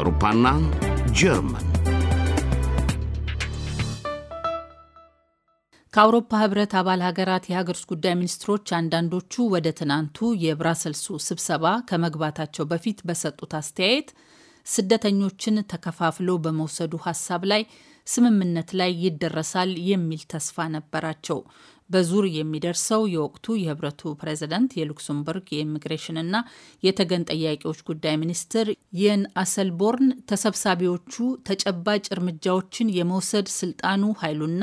አውሮፓና ጀርመን ከአውሮፓ ህብረት አባል ሀገራት የሀገር ውስጥ ጉዳይ ሚኒስትሮች አንዳንዶቹ ወደ ትናንቱ የብራሰልሱ ስብሰባ ከመግባታቸው በፊት በሰጡት አስተያየት ስደተኞችን ተከፋፍሎ በመውሰዱ ሀሳብ ላይ ስምምነት ላይ ይደረሳል የሚል ተስፋ ነበራቸው። በዙር የሚደርሰው የወቅቱ የህብረቱ ፕሬዝዳንት የሉክሰምበርግ የኢሚግሬሽንና የተገን ጠያቂዎች ጉዳይ ሚኒስትር የን አሰልቦርን ተሰብሳቢዎቹ ተጨባጭ እርምጃዎችን የመውሰድ ስልጣኑ ኃይሉና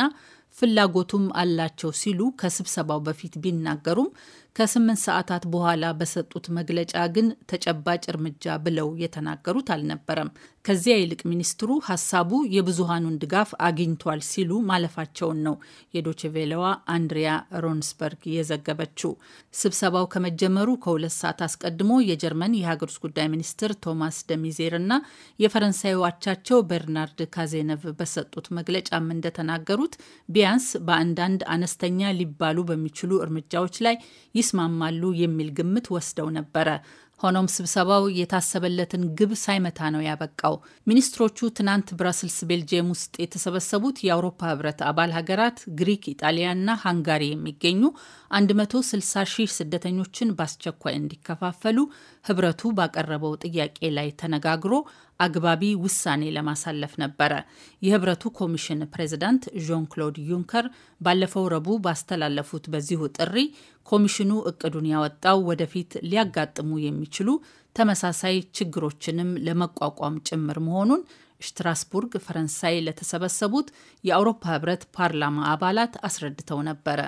ፍላጎቱም አላቸው ሲሉ ከስብሰባው በፊት ቢናገሩም ከስምንት ሰዓታት በኋላ በሰጡት መግለጫ ግን ተጨባጭ እርምጃ ብለው የተናገሩት አልነበረም። ከዚያ ይልቅ ሚኒስትሩ ሀሳቡ የብዙሃኑን ድጋፍ አግኝቷል ሲሉ ማለፋቸውን ነው የዶችቬለዋ አንድሪያ ሮንስበርግ የዘገበችው። ስብሰባው ከመጀመሩ ከሁለት ሰዓት አስቀድሞ የጀርመን የሀገር ውስጥ ጉዳይ ሚኒስትር ቶማስ ደሚዜር እና የፈረንሳይ አቻቸው በርናርድ ካዜነቭ በሰጡት መግለጫም እንደተናገሩት ቢያንስ በአንዳንድ አነስተኛ ሊባሉ በሚችሉ እርምጃዎች ላይ ይስማማሉ የሚል ግምት ወስደው ነበረ። ሆኖም ስብሰባው የታሰበለትን ግብ ሳይመታ ነው ያበቃው። ሚኒስትሮቹ ትናንት ብራስልስ ቤልጅየም ውስጥ የተሰበሰቡት የአውሮፓ ህብረት አባል ሀገራት ግሪክ፣ ኢጣሊያና ሃንጋሪ የሚገኙ 160 ሺህ ስደተኞችን በአስቸኳይ እንዲከፋፈሉ ህብረቱ ባቀረበው ጥያቄ ላይ ተነጋግሮ አግባቢ ውሳኔ ለማሳለፍ ነበረ። የህብረቱ ኮሚሽን ፕሬዚዳንት ዣን ክሎድ ዩንከር ባለፈው ረቡዕ ባስተላለፉት በዚሁ ጥሪ ኮሚሽኑ እቅዱን ያወጣው ወደፊት ሊያጋጥሙ የሚችሉ ተመሳሳይ ችግሮችንም ለመቋቋም ጭምር መሆኑን ስትራስቡርግ ፈረንሳይ ለተሰበሰቡት የአውሮፓ ህብረት ፓርላማ አባላት አስረድተው ነበረ።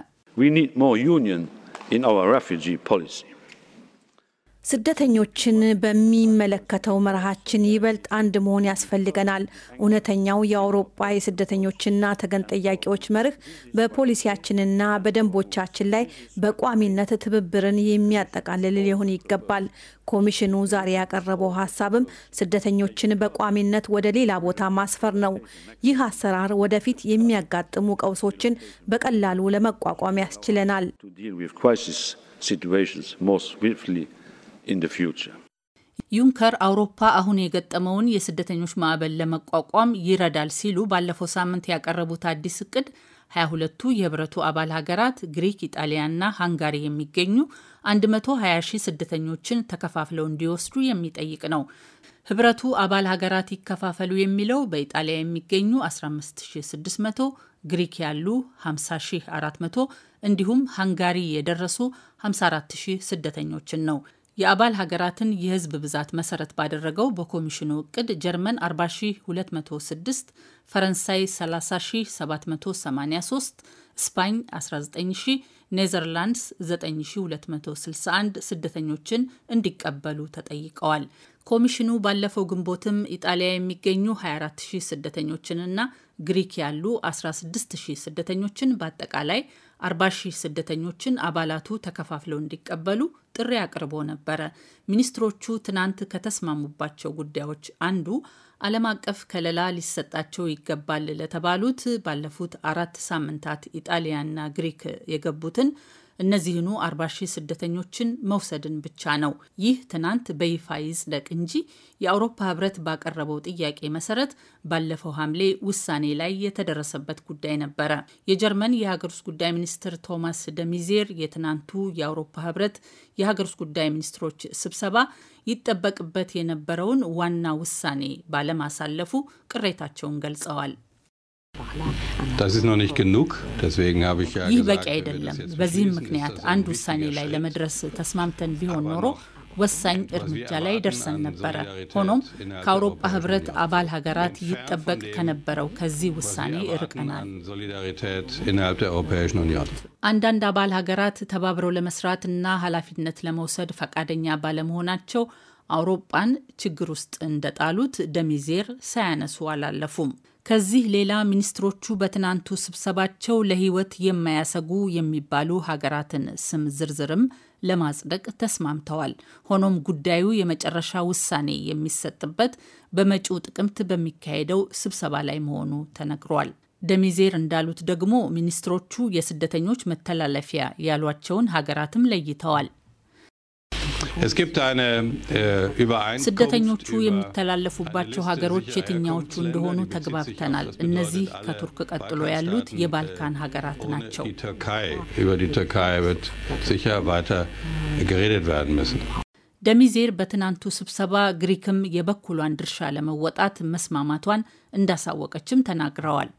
ስደተኞችን በሚመለከተው መርሃችን ይበልጥ አንድ መሆን ያስፈልገናል። እውነተኛው የአውሮጳ የስደተኞችና ተገን ጠያቂዎች መርህ በፖሊሲያችንና በደንቦቻችን ላይ በቋሚነት ትብብርን የሚያጠቃልል ሊሆን ይገባል። ኮሚሽኑ ዛሬ ያቀረበው ሀሳብም ስደተኞችን በቋሚነት ወደ ሌላ ቦታ ማስፈር ነው። ይህ አሰራር ወደፊት የሚያጋጥሙ ቀውሶችን በቀላሉ ለመቋቋም ያስችለናል። in the future. ዩንከር አውሮፓ አሁን የገጠመውን የስደተኞች ማዕበል ለመቋቋም ይረዳል ሲሉ ባለፈው ሳምንት ያቀረቡት አዲስ እቅድ 22ቱ የህብረቱ አባል ሀገራት ግሪክ፣ ኢጣሊያና ሃንጋሪ የሚገኙ 120 ሺህ ስደተኞችን ተከፋፍለው እንዲወስዱ የሚጠይቅ ነው። ህብረቱ አባል ሀገራት ይከፋፈሉ የሚለው በኢጣሊያ የሚገኙ 15600፣ ግሪክ ያሉ 50400 እንዲሁም ሃንጋሪ የደረሱ 54000 ስደተኞችን ነው። የአባል ሀገራትን የህዝብ ብዛት መሰረት ባደረገው በኮሚሽኑ እቅድ ጀርመን 40206፣ ፈረንሳይ 30783፣ ስፓኝ 19000፣ ኔዘርላንድስ 9261 ስደተኞችን እንዲቀበሉ ተጠይቀዋል። ኮሚሽኑ ባለፈው ግንቦትም ኢጣሊያ የሚገኙ 24000 ስደተኞችንና ግሪክ ያሉ 16000 ስደተኞችን በአጠቃላይ አርባ ሺህ ስደተኞችን አባላቱ ተከፋፍለው እንዲቀበሉ ጥሪ አቅርቦ ነበረ። ሚኒስትሮቹ ትናንት ከተስማሙባቸው ጉዳዮች አንዱ ዓለም አቀፍ ከለላ ሊሰጣቸው ይገባል ለተባሉት ባለፉት አራት ሳምንታት ኢጣሊያና ግሪክ የገቡትን እነዚህኑ 40 ሺህ ስደተኞችን መውሰድን ብቻ ነው። ይህ ትናንት በይፋ ይጽደቅ እንጂ የአውሮፓ ህብረት ባቀረበው ጥያቄ መሰረት ባለፈው ሐምሌ ውሳኔ ላይ የተደረሰበት ጉዳይ ነበረ። የጀርመን የሀገር ውስጥ ጉዳይ ሚኒስትር ቶማስ ደሚዜር የትናንቱ የአውሮፓ ህብረት የሀገር ውስጥ ጉዳይ ሚኒስትሮች ስብሰባ ይጠበቅበት የነበረውን ዋና ውሳኔ ባለማሳለፉ ቅሬታቸውን ገልጸዋል። ይህ በቂ አይደለም። በዚህም ምክንያት አንድ ውሳኔ ላይ ለመድረስ ተስማምተን ቢሆን ኖሮ ወሳኝ እርምጃ ላይ ደርሰን ነበረ። ሆኖም ከአውሮፓ ሕብረት አባል ሀገራት ይጠበቅ ከነበረው ከዚህ ውሳኔ እርቀናል። አንዳንድ አባል ሀገራት ተባብረው ለመስራት እና ኃላፊነት ለመውሰድ ፈቃደኛ ባለመሆናቸው አውሮፓን ችግር ውስጥ እንደጣሉት ደሚዜር ሳያነሱ አላለፉም። ከዚህ ሌላ ሚኒስትሮቹ በትናንቱ ስብሰባቸው ለሕይወት የማያሰጉ የሚባሉ ሀገራትን ስም ዝርዝርም ለማጽደቅ ተስማምተዋል። ሆኖም ጉዳዩ የመጨረሻ ውሳኔ የሚሰጥበት በመጪው ጥቅምት በሚካሄደው ስብሰባ ላይ መሆኑ ተነግሯል። ደሚዜር እንዳሉት ደግሞ ሚኒስትሮቹ የስደተኞች መተላለፊያ ያሏቸውን ሀገራትም ለይተዋል። Äh, ስደተኞቹ የሚተላለፉባቸው ሀገሮች የትኛዎቹ እንደሆኑ ተግባብተናል። እነዚህ ከቱርክ ቀጥሎ ያሉት የባልካን ሀገራት ናቸው። ደሚዜር በትናንቱ ስብሰባ ግሪክም የበኩሏን ድርሻ ለመወጣት መስማማቷን እንዳሳወቀችም ተናግረዋል።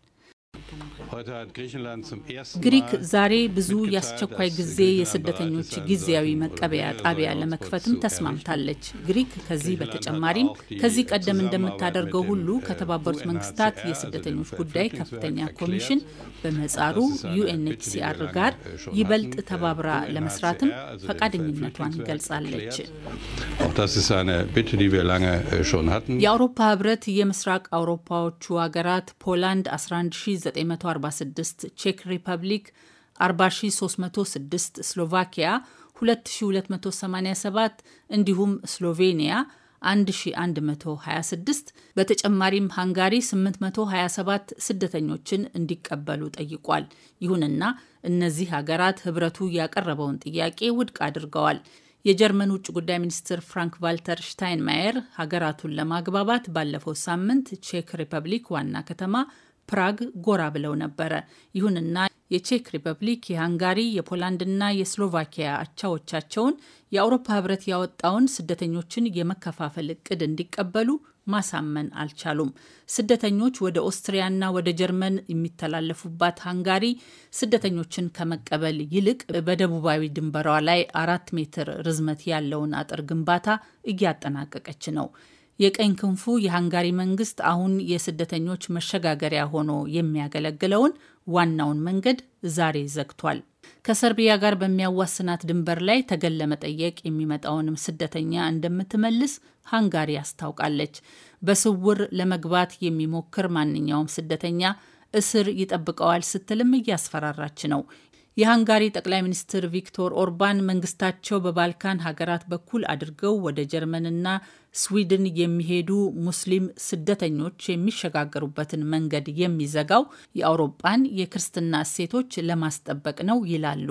ግሪክ ዛሬ ብዙ የአስቸኳይ ጊዜ የስደተኞች ጊዜያዊ መቀበያ ጣቢያ ለመክፈትም ተስማምታለች። ግሪክ ከዚህ በተጨማሪም ከዚህ ቀደም እንደምታደርገው ሁሉ äh, ከተባበሩት መንግስታት የስደተኞች ጉዳይ ከፍተኛ ኮሚሽን በመጻሩ ዩኤንኤችሲአር ጋር äh, ይበልጥ äh, ተባብራ ለመስራትም ፈቃደኝነቷን ገልጻለች። የአውሮፓ ህብረት የምስራቅ አውሮፓዎቹ ሀገራት ፖላንድ 11940 46 ቼክ ሪፐብሊክ 40306 ስሎቫኪያ 2287 እንዲሁም ስሎቬኒያ 1126 በተጨማሪም ሃንጋሪ 827 ስደተኞችን እንዲቀበሉ ጠይቋል። ይሁንና እነዚህ ሀገራት ህብረቱ ያቀረበውን ጥያቄ ውድቅ አድርገዋል። የጀርመን ውጭ ጉዳይ ሚኒስትር ፍራንክ ቫልተር ሽታይንማየር ሀገራቱን ለማግባባት ባለፈው ሳምንት ቼክ ሪፐብሊክ ዋና ከተማ ፕራግ ጎራ ብለው ነበረ። ይሁንና የቼክ ሪፐብሊክ፣ የሃንጋሪ፣ የፖላንድና የስሎቫኪያ አቻዎቻቸውን የአውሮፓ ህብረት ያወጣውን ስደተኞችን የመከፋፈል እቅድ እንዲቀበሉ ማሳመን አልቻሉም። ስደተኞች ወደ ኦስትሪያና ወደ ጀርመን የሚተላለፉባት ሃንጋሪ ስደተኞችን ከመቀበል ይልቅ በደቡባዊ ድንበሯ ላይ አራት ሜትር ርዝመት ያለውን አጥር ግንባታ እያጠናቀቀች ነው። የቀኝ ክንፉ የሃንጋሪ መንግስት አሁን የስደተኞች መሸጋገሪያ ሆኖ የሚያገለግለውን ዋናውን መንገድ ዛሬ ዘግቷል። ከሰርቢያ ጋር በሚያዋስናት ድንበር ላይ ተገን ለመጠየቅ የሚመጣውንም ስደተኛ እንደምትመልስ ሃንጋሪ አስታውቃለች። በስውር ለመግባት የሚሞክር ማንኛውም ስደተኛ እስር ይጠብቀዋል ስትልም እያስፈራራች ነው። የሃንጋሪ ጠቅላይ ሚኒስትር ቪክቶር ኦርባን መንግስታቸው በባልካን ሀገራት በኩል አድርገው ወደ ጀርመንና ስዊድን የሚሄዱ ሙስሊም ስደተኞች የሚሸጋገሩበትን መንገድ የሚዘጋው የአውሮፓን የክርስትና እሴቶች ለማስጠበቅ ነው ይላሉ።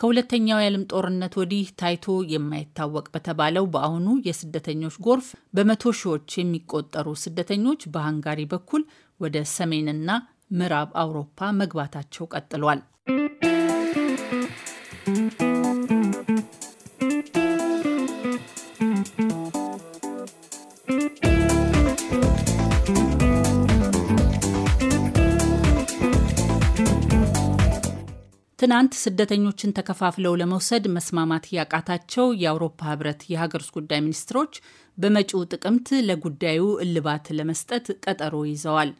ከሁለተኛው የዓለም ጦርነት ወዲህ ታይቶ የማይታወቅ በተባለው በአሁኑ የስደተኞች ጎርፍ በመቶ ሺዎች የሚቆጠሩ ስደተኞች በሃንጋሪ በኩል ወደ ሰሜንና ምዕራብ አውሮፓ መግባታቸው ቀጥሏል። ትናንት ስደተኞችን ተከፋፍለው ለመውሰድ መስማማት ያቃታቸው የአውሮፓ ህብረት የሀገር ውስጥ ጉዳይ ሚኒስትሮች በመጪው ጥቅምት ለጉዳዩ እልባት ለመስጠት ቀጠሮ ይዘዋል።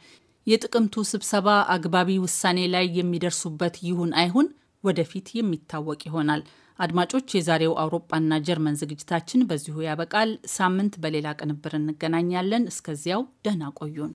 የጥቅምቱ ስብሰባ አግባቢ ውሳኔ ላይ የሚደርሱበት ይሁን አይሁን ወደፊት የሚታወቅ ይሆናል። አድማጮች፣ የዛሬው አውሮፓና ጀርመን ዝግጅታችን በዚሁ ያበቃል። ሳምንት በሌላ ቅንብር እንገናኛለን። እስከዚያው ደህና ቆዩን።